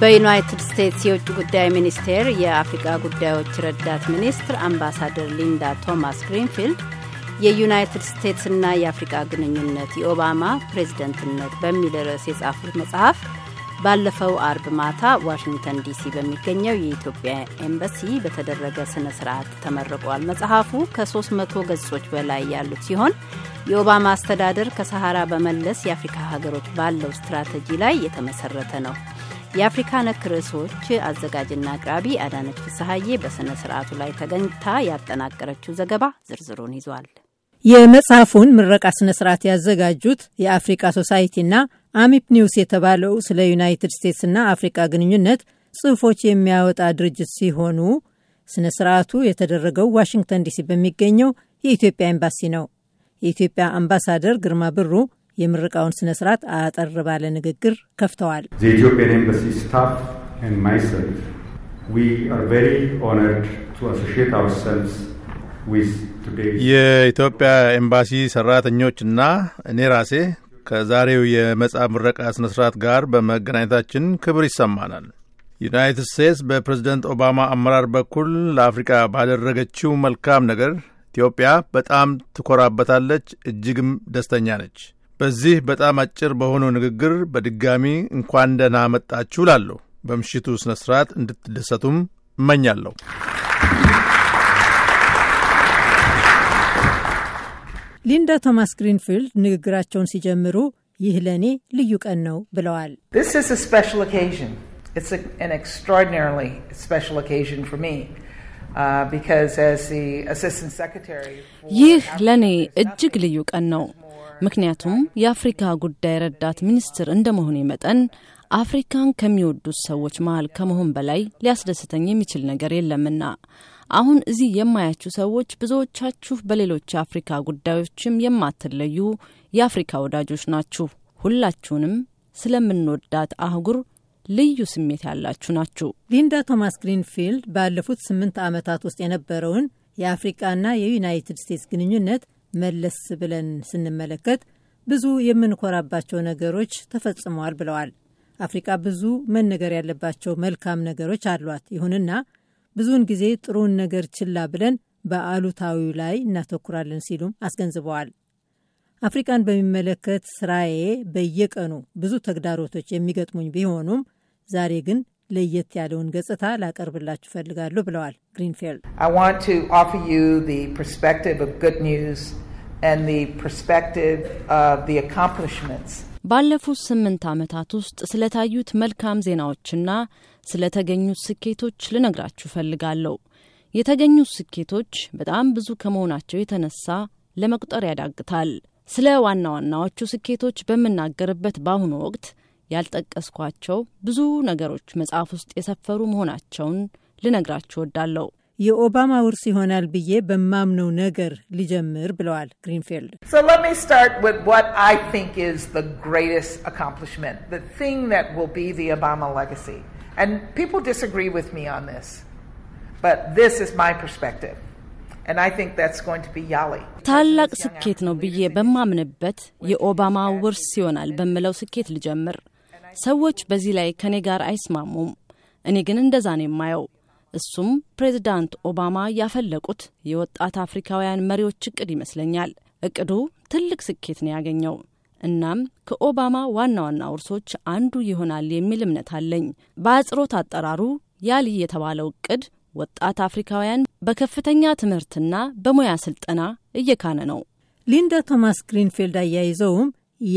በዩናይትድ ስቴትስ የውጭ ጉዳይ ሚኒስቴር የአፍሪቃ ጉዳዮች ረዳት ሚኒስትር አምባሳደር ሊንዳ ቶማስ ግሪንፊልድ የዩናይትድ ስቴትስና የአፍሪቃ ግንኙነት የኦባማ ፕሬዝደንትነት በሚል ርዕስ የጻፉት መጽሐፍ ባለፈው አርብ ማታ ዋሽንግተን ዲሲ በሚገኘው የኢትዮጵያ ኤምባሲ በተደረገ ስነ ስርዓት ተመርቋል። መጽሐፉ ከ300 ገጾች በላይ ያሉት ሲሆን የኦባማ አስተዳደር ከሰሃራ በመለስ የአፍሪካ ሀገሮች ባለው ስትራቴጂ ላይ የተመሰረተ ነው። የአፍሪካ ነክ ርዕሶች አዘጋጅና አቅራቢ አዳነች ፍስሐዬ በሥነ ሥርዓቱ ላይ ተገኝታ ያጠናቀረችው ዘገባ ዝርዝሩን ይዟል። የመጽሐፉን ምረቃ ሥነ-ሥርዓት ያዘጋጁት የአፍሪካ ሶሳይቲና አሚፕ ኒውስ የተባለው ስለ ዩናይትድ ስቴትስና አፍሪቃ ግንኙነት ጽሑፎች የሚያወጣ ድርጅት ሲሆኑ ስነ ስርዓቱ የተደረገው ዋሽንግተን ዲሲ በሚገኘው የኢትዮጵያ ኤምባሲ ነው። የኢትዮጵያ አምባሳደር ግርማ ብሩ የምርቃውን ስነ ስርዓት አጠር ባለ ንግግር ከፍተዋል። የኢትዮጵያ ኤምባሲ ሰራተኞችና እኔ ራሴ ከዛሬው የመጽሐፍ ምረቃ ስነ ስርዓት ጋር በመገናኘታችን ክብር ይሰማናል። ዩናይትድ ስቴትስ በፕሬዝደንት ኦባማ አመራር በኩል ለአፍሪካ ባደረገችው መልካም ነገር ኢትዮጵያ በጣም ትኮራበታለች፣ እጅግም ደስተኛ ነች። በዚህ በጣም አጭር በሆነው ንግግር በድጋሚ እንኳን ደህና መጣችሁ ላለሁ በምሽቱ ስነ ስርዓት እንድትደሰቱም እመኛለሁ። ሊንዳ ቶማስ ግሪንፊልድ ንግግራቸውን ሲጀምሩ ይህ ለእኔ ልዩ ቀን ነው ብለዋል። uh, ይህ ለእኔ እጅግ ልዩ ቀን ነው ምክንያቱም የአፍሪካ ጉዳይ ረዳት ሚኒስትር እንደመሆኔ መጠን አፍሪካን ከሚወዱት ሰዎች መሀል ከመሆን በላይ ሊያስደስተኝ የሚችል ነገር የለምና አሁን እዚህ የማያችሁ ሰዎች ብዙዎቻችሁ በሌሎች የአፍሪካ ጉዳዮችም የማትለዩ የአፍሪካ ወዳጆች ናችሁ። ሁላችሁንም ስለምንወዳት አህጉር ልዩ ስሜት ያላችሁ ናችሁ። ሊንዳ ቶማስ ግሪንፊልድ ባለፉት ስምንት ዓመታት ውስጥ የነበረውን የአፍሪቃና የዩናይትድ ስቴትስ ግንኙነት መለስ ብለን ስንመለከት ብዙ የምንኮራባቸው ነገሮች ተፈጽመዋል ብለዋል። አፍሪቃ ብዙ መነገር ያለባቸው መልካም ነገሮች አሏት። ይሁንና ብዙውን ጊዜ ጥሩን ነገር ችላ ብለን በአሉታዊው ላይ እናተኩራለን ሲሉም አስገንዝበዋል። አፍሪቃን በሚመለከት ስራዬ በየቀኑ ብዙ ተግዳሮቶች የሚገጥሙኝ ቢሆኑም ዛሬ ግን ለየት ያለውን ገጽታ ላቀርብላችሁ እፈልጋለሁ ብለዋል ግሪንፌልድ and the perspective of the accomplishments. ባለፉት ስምንት ዓመታት ውስጥ ስለታዩት መልካም ዜናዎችና ስለተገኙት ስኬቶች ልነግራችሁ እፈልጋለሁ። የተገኙት ስኬቶች በጣም ብዙ ከመሆናቸው የተነሳ ለመቁጠር ያዳግታል። ስለ ዋና ዋናዎቹ ስኬቶች በምናገርበት በአሁኑ ወቅት ያልጠቀስኳቸው ብዙ ነገሮች መጽሐፍ ውስጥ የሰፈሩ መሆናቸውን ልነግራችሁ ወዳለሁ። የኦባማ ውርስ ይሆናል ብዬ በማምነው ነገር ሊጀምር ብለዋል ግሪንፊልድ። ታላቅ ስኬት ነው ብዬ በማምንበት የኦባማ ውርስ ይሆናል በምለው ስኬት ልጀምር። ሰዎች በዚህ ላይ ከኔ ጋር አይስማሙም። እኔ ግን እንደዛ ነው የማየው። እሱም ፕሬዚዳንት ኦባማ ያፈለቁት የወጣት አፍሪካውያን መሪዎች እቅድ ይመስለኛል። እቅዱ ትልቅ ስኬት ነው ያገኘው። እናም ከኦባማ ዋና ዋና ውርሶች አንዱ ይሆናል የሚል እምነት አለኝ። በአጽሮት አጠራሩ ያሊ የተባለው እቅድ ወጣት አፍሪካውያን በከፍተኛ ትምህርትና በሙያ ስልጠና እየካነ ነው። ሊንዳ ቶማስ ግሪንፊልድ አያይዘውም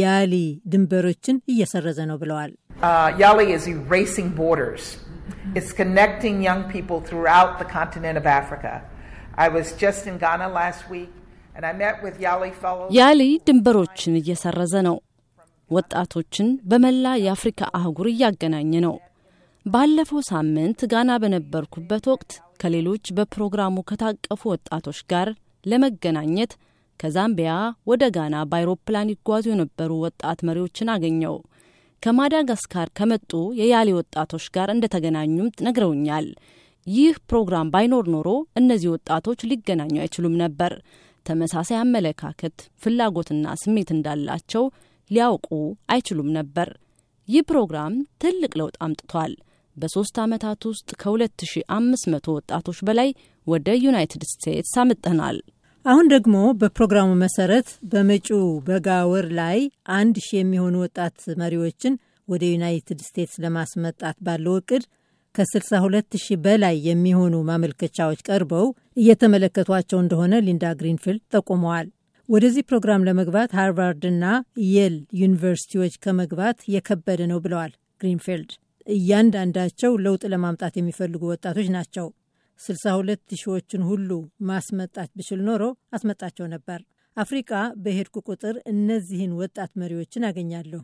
ያሊ ድንበሮችን እየሰረዘ ነው ብለዋል። ያሊ uh, It's connecting young people throughout the continent of Africa. I was just in Ghana last week and I met with Yali Fellows. ያሊ ድንበሮችን እየሰረዘ ነው። ወጣቶችን በመላ የአፍሪካ አህጉር እያገናኘ ነው። ባለፈው ሳምንት ጋና በነበርኩበት ወቅት ከሌሎች በፕሮግራሙ ከታቀፉ ወጣቶች ጋር ለመገናኘት ከዛምቢያ ወደ ጋና በአይሮፕላን ይጓዙ የነበሩ ወጣት መሪዎችን አገኘው። ከማዳጋስካር ከመጡ የያሌ ወጣቶች ጋር እንደተገናኙም ነግረውኛል። ይህ ፕሮግራም ባይኖር ኖሮ እነዚህ ወጣቶች ሊገናኙ አይችሉም ነበር። ተመሳሳይ አመለካከት፣ ፍላጎትና ስሜት እንዳላቸው ሊያውቁ አይችሉም ነበር። ይህ ፕሮግራም ትልቅ ለውጥ አምጥቷል። በሶስት ዓመታት ውስጥ ከ2500 ወጣቶች በላይ ወደ ዩናይትድ ስቴትስ አምጥተናል። አሁን ደግሞ በፕሮግራሙ መሰረት በመጪው በጋ ወር ላይ አንድ ሺህ የሚሆኑ ወጣት መሪዎችን ወደ ዩናይትድ ስቴትስ ለማስመጣት ባለው እቅድ ከ62 ሺህ በላይ የሚሆኑ ማመልከቻዎች ቀርበው እየተመለከቷቸው እንደሆነ ሊንዳ ግሪንፊልድ ጠቁመዋል። ወደዚህ ፕሮግራም ለመግባት ሃርቫርድና የል ዩኒቨርሲቲዎች ከመግባት የከበደ ነው ብለዋል ግሪንፊልድ። እያንዳንዳቸው ለውጥ ለማምጣት የሚፈልጉ ወጣቶች ናቸው። 62 ሺዎችን ሁሉ ማስመጣት ብችል ኖሮ አስመጣቸው ነበር። አፍሪቃ በሄድኩ ቁጥር እነዚህን ወጣት መሪዎችን አገኛለሁ።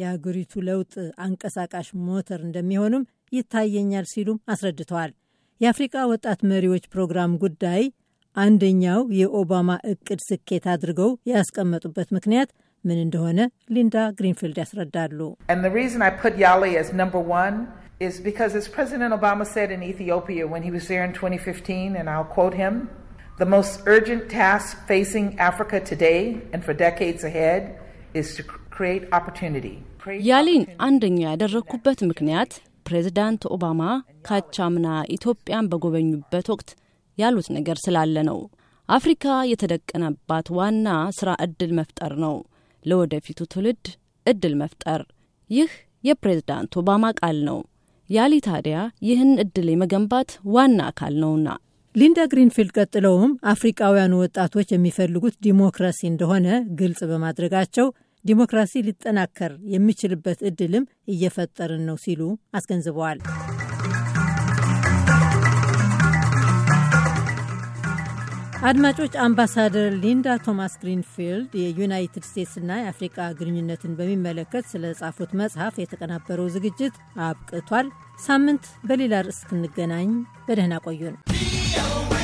የአገሪቱ ለውጥ አንቀሳቃሽ ሞተር እንደሚሆኑም ይታየኛል ሲሉም አስረድተዋል። የአፍሪቃ ወጣት መሪዎች ፕሮግራም ጉዳይ አንደኛው የኦባማ እቅድ ስኬት አድርገው ያስቀመጡበት ምክንያት ምን እንደሆነ ሊንዳ ግሪንፊልድ ያስረዳሉ። is because, as President Obama said in Ethiopia when he was there in 2015, and I'll quote him the most urgent task facing Africa today and for decades ahead is to create opportunity. ያሊን አንደኛ ያደረግኩበት ምክንያት ፕሬዚዳንት ኦባማ ካቻምና ኢትዮጵያን በጎበኙበት ወቅት ያሉት ነገር ስላለ ነው። አፍሪካ የተደቀነባት ዋና ስራ እድል መፍጠር ነው። ለወደፊቱ ትውልድ እድል መፍጠር። ይህ የፕሬዚዳንት ኦባማ ቃል ነው። ያሊ ታዲያ ይህን እድል የመገንባት ዋና አካል ነውና። ሊንዳ ግሪንፊልድ ቀጥለውም አፍሪቃውያኑ ወጣቶች የሚፈልጉት ዲሞክራሲ እንደሆነ ግልጽ በማድረጋቸው ዲሞክራሲ ሊጠናከር የሚችልበት እድልም እየፈጠርን ነው ሲሉ አስገንዝበዋል። አድማጮች አምባሳደር ሊንዳ ቶማስ ግሪንፊልድ የዩናይትድ ስቴትስና የአፍሪቃ ግንኙነትን በሚመለከት ስለ ጻፉት መጽሐፍ የተቀናበረው ዝግጅት አብቅቷል። ሳምንት በሌላ ርዕስ እስክንገናኝ በደህና ቆዩን።